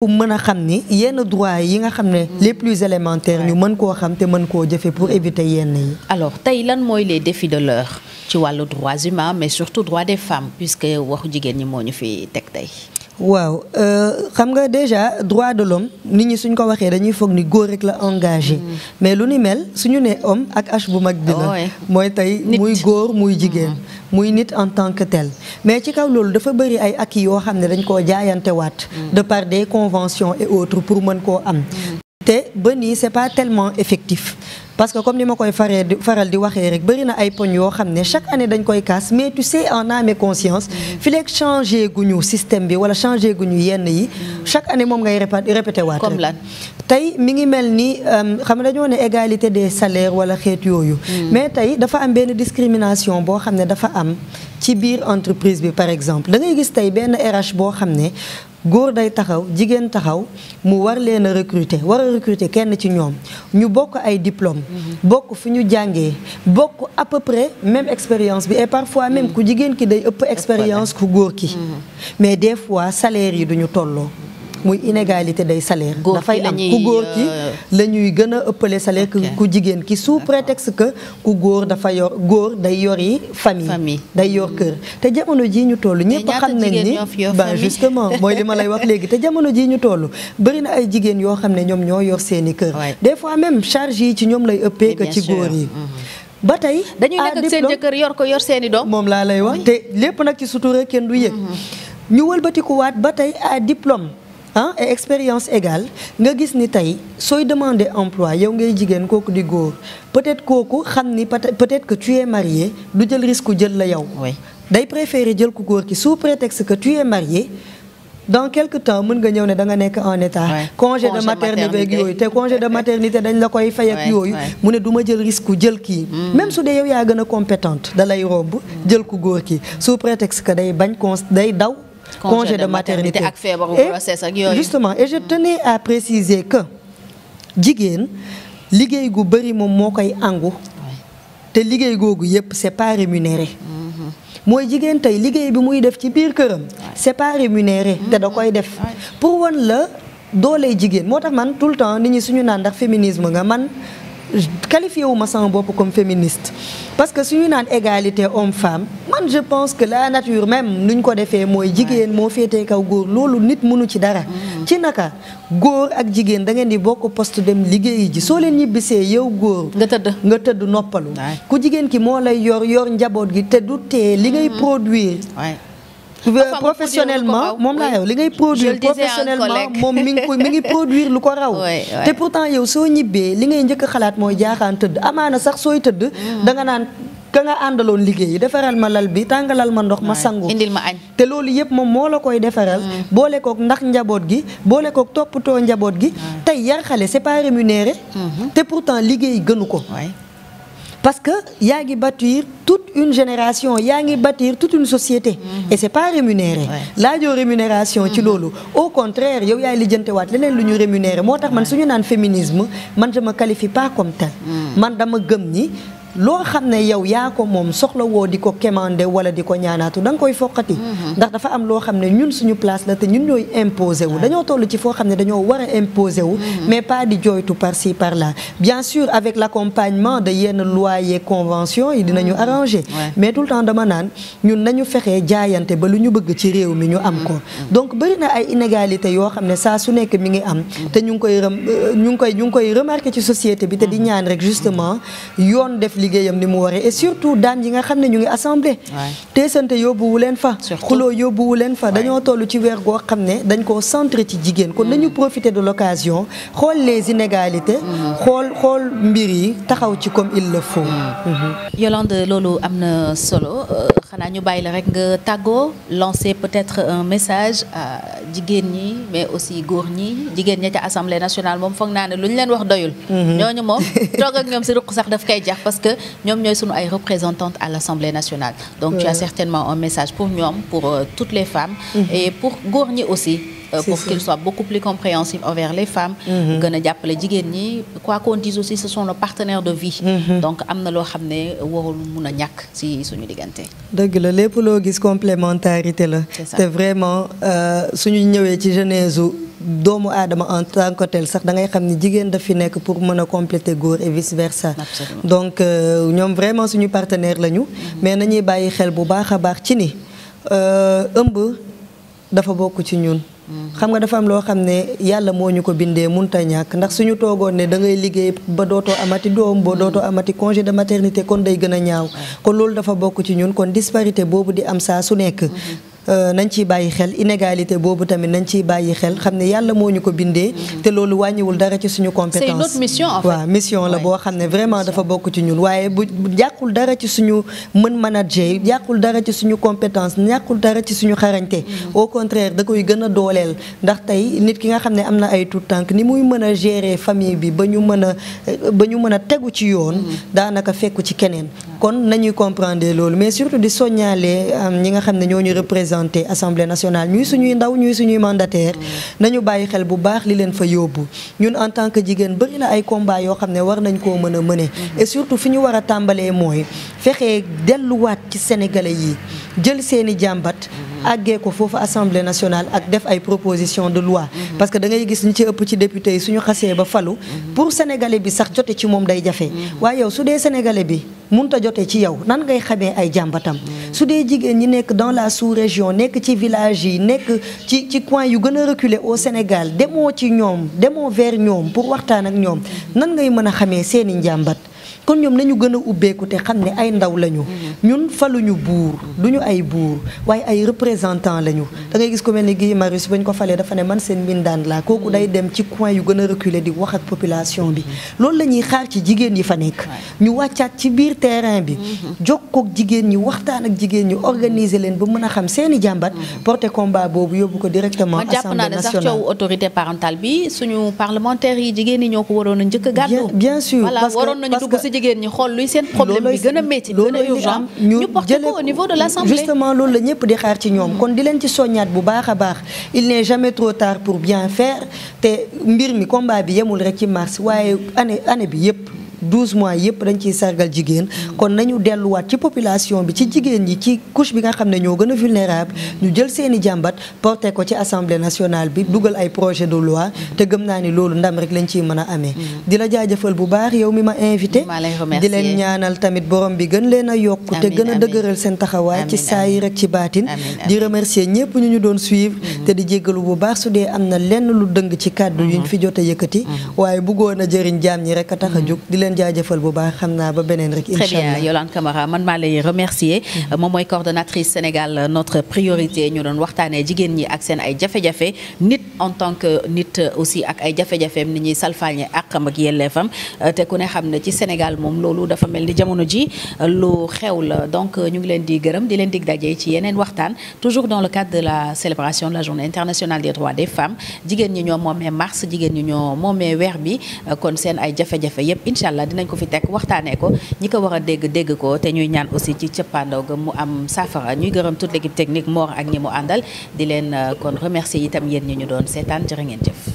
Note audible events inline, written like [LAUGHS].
pour mën a xam ni yenn droit yi nga xam ne les plus élémentaires ñu mën koo xam te mën koo jëfe pour éviter yenn yi alors tey lan mooy les défis de l'heure ci wàllu droits humains mais surtout droit des femmes puisque waxu jigéen ñi moo ñu fi teg tey waaw euh, xam nga déjà droit de l'homme nit ñi suñ ko waxee dañuy foog ni góor rek la engagé mm. mais lu ni mel suñu ne homme ak H bu mag bi la oh, mooy tey muy góor muy jigéen mm. muy nit en tant que tel mais ci kaw loolu dafa bëri ay acquis yoo xam ne dañ koo jaayantewaat mm. de par des conventions et autre pour mën koo am te ba nii c'est pas tellement effectif parce que comme ni ma koy faree di faral di waxee rek bëri na ay poñ yoo xam ne chaque année dañ koy kaas mais tu en âme et conscience mm. fi leeg changé guñu système bi wala changé guñu yenn yi mm. chaque année moom ngay répété waat comme lan tey mi ngi mel ni euh, xam dañoo ne égalité des salaires wala xeet yooyu mm. mais tey dafa am benn discrimination boo xam ne dafa am ci biir entreprise bi par exemple da ngay gis tey benn RH boo xam ne góor day taxaw jigéen taxaw mu war leen a recruter war kenn ci ñoom ñu bokk ay diplôme mhm. bokk fu ñu jàngee bokk à peu même expérience bi et parfois même mhm. ku jigéen ki day ëpp expérience ku góor ki mhm. mais des fois salaire yi duñu tolloo muy inégalité des salaires dafay am ku góor ki euh, la ñuy gën a ëppale salaire ku jigéen ki sous prétexte que ku góor dafa yor góor day yori famille day yor kër te jamono ji ñu toll ñëpp xam nañ ni ba justement mooy li ma lay wax léegi te jamono ji ñu toll bëri na ay jigéen yoo xam ne ñoom ñoo yor seeni kër des fois même charge yi ci ñoom lay ëppee que ci góor yi mhm. ba tey dañuy nekk ak seen yor ko yor seeni doom moom laa lay wax te lépp nag ci sutura kenn du yëg mhm. ñu wëlbatikuwaat ba tey à diplôme ah et expérience égale nga gis ni tey sooy demander emploi yow ngay jigéen kooku di góor peut-être kooku xam ni peut-être que tu es marié du jël risque jël la yow. day préférer jël ku góor ki sous prétexte que tu es marié. dans quelque temps mën nga ñëw ne da nga nekk en état congé de maternité ak yooyu te congé dañ la koy fay ak yooyu mu ne duma ma jël risque jël kii mm. même su dee yow yaa gën a compétente da lay romb jël ku góor ki sous prétexte que day bañ cons day daw congé de maternité ak feebaru grossesse ak yooyu justement et je tenais à préciser que jigéen liggéey gu bëri moom moo koy angu te liggéey googu yépp c'est pas rémunéré mm-hmm. mooy jigéen tey liggéey bi muy def ci biir këram c'est pas rémunéré te da koy def mm-hmm. pour wan la doolee jigéen moo tax man tout le temps nit ñi suñu naan ndax féminisme nga man qualifié wu ma sama bopp comme féministe parce que suñu naan égalité homme femme man je pense que la nature même nuñ ko defee mooy jigéen moo féetee kaw góor loolu nit mënu ci dara mm. ci naka góor ak jigéen da ngeen di bokk poste dem liggéey ji soo leen ñibbisee yow góor nga tëdd nga tëdd noppalu ku jigéen ki moo lay yor yor njaboot gi te du tee li ngay mm. produire professionnellement moom laa yow li ngay produire professionnellement moom mi ngi mi ngi produire lu ko raw [LAUGHS] te pourtant yow soo ñibbee li ngay njëkk a xalaat mooy jaaxaan tëdd amaana sax sooy tëdd mm. danga naan ka nga àndaloon liggéey yi defaral ma lal bi tàngalal ma ndox ma sangu indil ma añ te loolu yëpp moom moo la koy defaral mm. boole kook ndax njaboot gi boole kook toppatoo njaboot gi tey yar xale c'est pas rémunéré mm-hmm. te pourtant liggéey gënu ko parce que yaa ngi bâtir tout une génération yaa ngi bâtir tout une société. Mhm. et c'est pas rémunéré. laajoo rémunération ci mhm. loolu. au contraire yow yaay lijjantewaat leneen lu ñu rémunéré moo tax man suñu naan féminisme man je me qualifie pas comme tel. Mhm. man dama gëm ni. loo xam ne yow yaa ko moom soxla woo di ko commandé wala di ko ñaanaatu da koy foqati mm-hmm. ndax dafa am loo xam ne ñun suñu place la te ñun ñooy imposé wu dañoo toll ci foo xam ne dañoo war a wu mm-hmm. mais pas di jooytu par ci par la bien sûr avec l'accompagnement de yenn loi yeeg convention yi dinañu mm-hmm. arrangé mais tout le temps dama naan ñun nañu fexe jaayante ba lu ñu bëgg ci réew mi ñu am ko donc bëri na ay inégalité yoo xam ne saa su nekk mi ngi am te euh, ñu ngi koy ñu ngi koy ñu ngi koy remarqué ci société bi te di ñaan rek justement yoon def liggéeyam ni mu waree et surtout daan yi nga xam ne ñu ngi assemblée teesante yóbbuwu leen fa xuloo yóbbuwu leen fa dañoo toll ci weer goo xam ne dañ koo centré ci jigéen kon mm. nañu profiter de l'occasion xool les inégalités mm. xool xool mbir yi taxaw ci comme il le faut mm. mm-hmm. Yolande loolu am na solo euh, xanaa ñu bàyyi la rek nga tàggoo lancer peut-être un message jigéen ñi mais aussi góor ñi jigéen ñi ca assemblée nationale moom foog naa ne lu ñu leen wax doyul mm-hmm. [LAUGHS] ñoom ñooy sunu ay représentantes à l'Assemblée nationale donc ouais. tu as certainement un message pour ñoom pour euh, toutes les femmes mm-hmm. et pour góor aussi euh, pour qu'ils soient beaucoup plus compréhensifs envers les femmes mm-hmm. gën a jàppale jigéen ñi quoi aussi ce sont nos partenaires de vie mm-hmm. donc am na loo xam ne warul mun a ñàkk ci suñu diggante dëgg la lépp loo gis complémentarité la te vraiment euh, suñu ñëwee ci genèse doomu aadama en tant que tel sax da ngay xam ni jigéen daf nekk pour mën a compléter góor et vice versa. donc euh, ñoom vraiment suñu partenaire lañu. Mm-hmm. mais nañuy bàyyi xel bu baax a baax ci ni euh, ëmb dafa bokk ci ñun. Mm-hmm. xam nga dafa am loo xam ne yàlla moo ñu ko bindee munta ñàkk ndax suñu toogoon ne da ngay liggéey ba dootoo amati doom ba mm-hmm. dootoo amati congé de maternité kon day gën a ñaaw kon loolu dafa bokk ci ñun kon disparité boobu di am saa su nekk Euh, nañ ciy bàyyi xel inégalité boobu tamit nañ ci bàyyi xel xam ne yàlla moo ñu ko bindee mm-hmm. te loolu wàññiwul dara ci suñu compétence c'est mission en mission la boo xam ne vraiment dafa bokk ci ñun waaye bu yàqul dara ci suñu mën manager yàqul dara ci suñu compétence ñàkkul dara ci suñu xarañte mm-hmm. au contraire da koy gën a dooleel ndax tey nit ki nga xam ne am na ay tout tànk ni muy mën a gérer famille bi ba ñu mën a ba ñu mën a tegu ci yoon mm-hmm. daanaka fekku ci keneen kon représenté assemblée nationale ñuy suñuy ndaw ñuy suñuy mandataire mm. nañu bàyyi xel bu baax li leen fa yóbbu ñun en tant que jigéen bëri na ay combat yoo xam ne war nañ koo mën a mëne mm. et surtout fi ñu war a tàmbalee mooy fexee delluwaat ci sénégalais yi jël seeni jàmbat mm. àggee ko foofu assemblée nationale ak def ay proposition de loi parce que da ngay gis ñu ci ëpp ci député yi suñu xasee ba falu pour sénégalais bi sax jote ci moom day jafe waaye yow su dee sénégalais bi mënut a jotee ci yow nan ngay xamee ay jàmbatam mm. su dee jigéen ñi nekk dans la sous-région nekk ci village yi nekk ci ci coin yu gën a reculé au Sénégal demoo ci ñoom demoo vers ñoom pour waxtaan ak ñoom nan ngay mën a xamee seeni njàmbat kon ñoom nañu gën a ubbeeku te xam ne ay ndaw lañu. Mm-hmm. ñun faluñu buur duñu ay buur waaye ay représentant lañu. Mm-hmm. da ngay gis ko mel ni Guy Marius bañ ko falee dafa ne man seen mbindaan laa kooku mm-hmm. day dem ci coin yu gën reculer di wax ak population bi loolu la ñuy xaar ci jigéen yi fa nekk. ñu wàccaat ci biir terrain bi. jokkoog jigéen ñi waxtaan ak jigéen ñi organiser leen ba mën a xam seeni jàmbat. porter combat boobu yóbbu ko directement. assemblée nationale man jàpp naa ne sax bi suñu parlementaires yi jigéen ñi ñoo ko waroon a njëkk a jigéen ñi xool luy seen problème bi gën a métti gën a urgent ñu porté ko au loolu la ñëpp di xaar ci ñoom kon di leen ci soññaat bu baax a baax il n'est jamais trop tard pour bien faire te mbir mi combat bi yemul rek ci mars waaye année année bi yëpp douze mois yëpp dañ ciy sargal jigéen kon nañu delluwaat ci population bi ci jigéen ñi ci couche bi nga xam ne ñoo gën a vulnérable ñu jël seeni jàmbat porté ko ci assemblée nationale bi dugal ay projet de loi te gëm naa ni loolu ndam rek lañ ciy mën a amee mm-hmm. di la jaajëfal bu baax yow mi ma invité di leen ñaanal tamit borom bi gën leen a yokk te gën a dëgëral seen taxawaay ci saayir ak ci baatin di remercier ñëpp ñu ñu doon suivre mm-hmm. te di jéggalu bu baax su dee am na lenn lu dëng ci kàddu yuñ mm-hmm. fi jot a yëkkati waaye bëggoon a jëriñ jaam ñi rek a tax leen jaajëfal bu baax xam naa ba beneen rek. incha allah très bien Yolande Camara man maa lay remercier mm-hmm. euh, moom mooy coordonnatrice Sénégal euh, notre priorité ñu doon waxtaanee jigéen ñi ak seen ay jafe-jafe nit en tant que nit euh, aussi ak ay jafe-jafeem ni ñuy salfaañee àqam ak yelleefam te ku ne xam ne ci Sénégal moom loolu dafa mel ni jamono ji lu xew la donc ñu ngi leen di gërëm di leen dig daje ci yeneen waxtaan toujours dans le cadre de la célébration de la journée internationale de droits des femmes jigéen ñi ñoo moomee mars jigéen ñi ñoo moomee weer bi kon seen ay jafe-jafe yépp allah dinañ ko fi teg waxtaanee ko ñi ko war dégg dégg ko te ñuy ñaan aussi ci cëppaandaw ga mu am saafara ñuy gërëm toute l'équipe technique Mor ak ñi mu àndal di leen euh, kon remercier itam yéen ñi ñu doon seetaan jërë ngeen jëf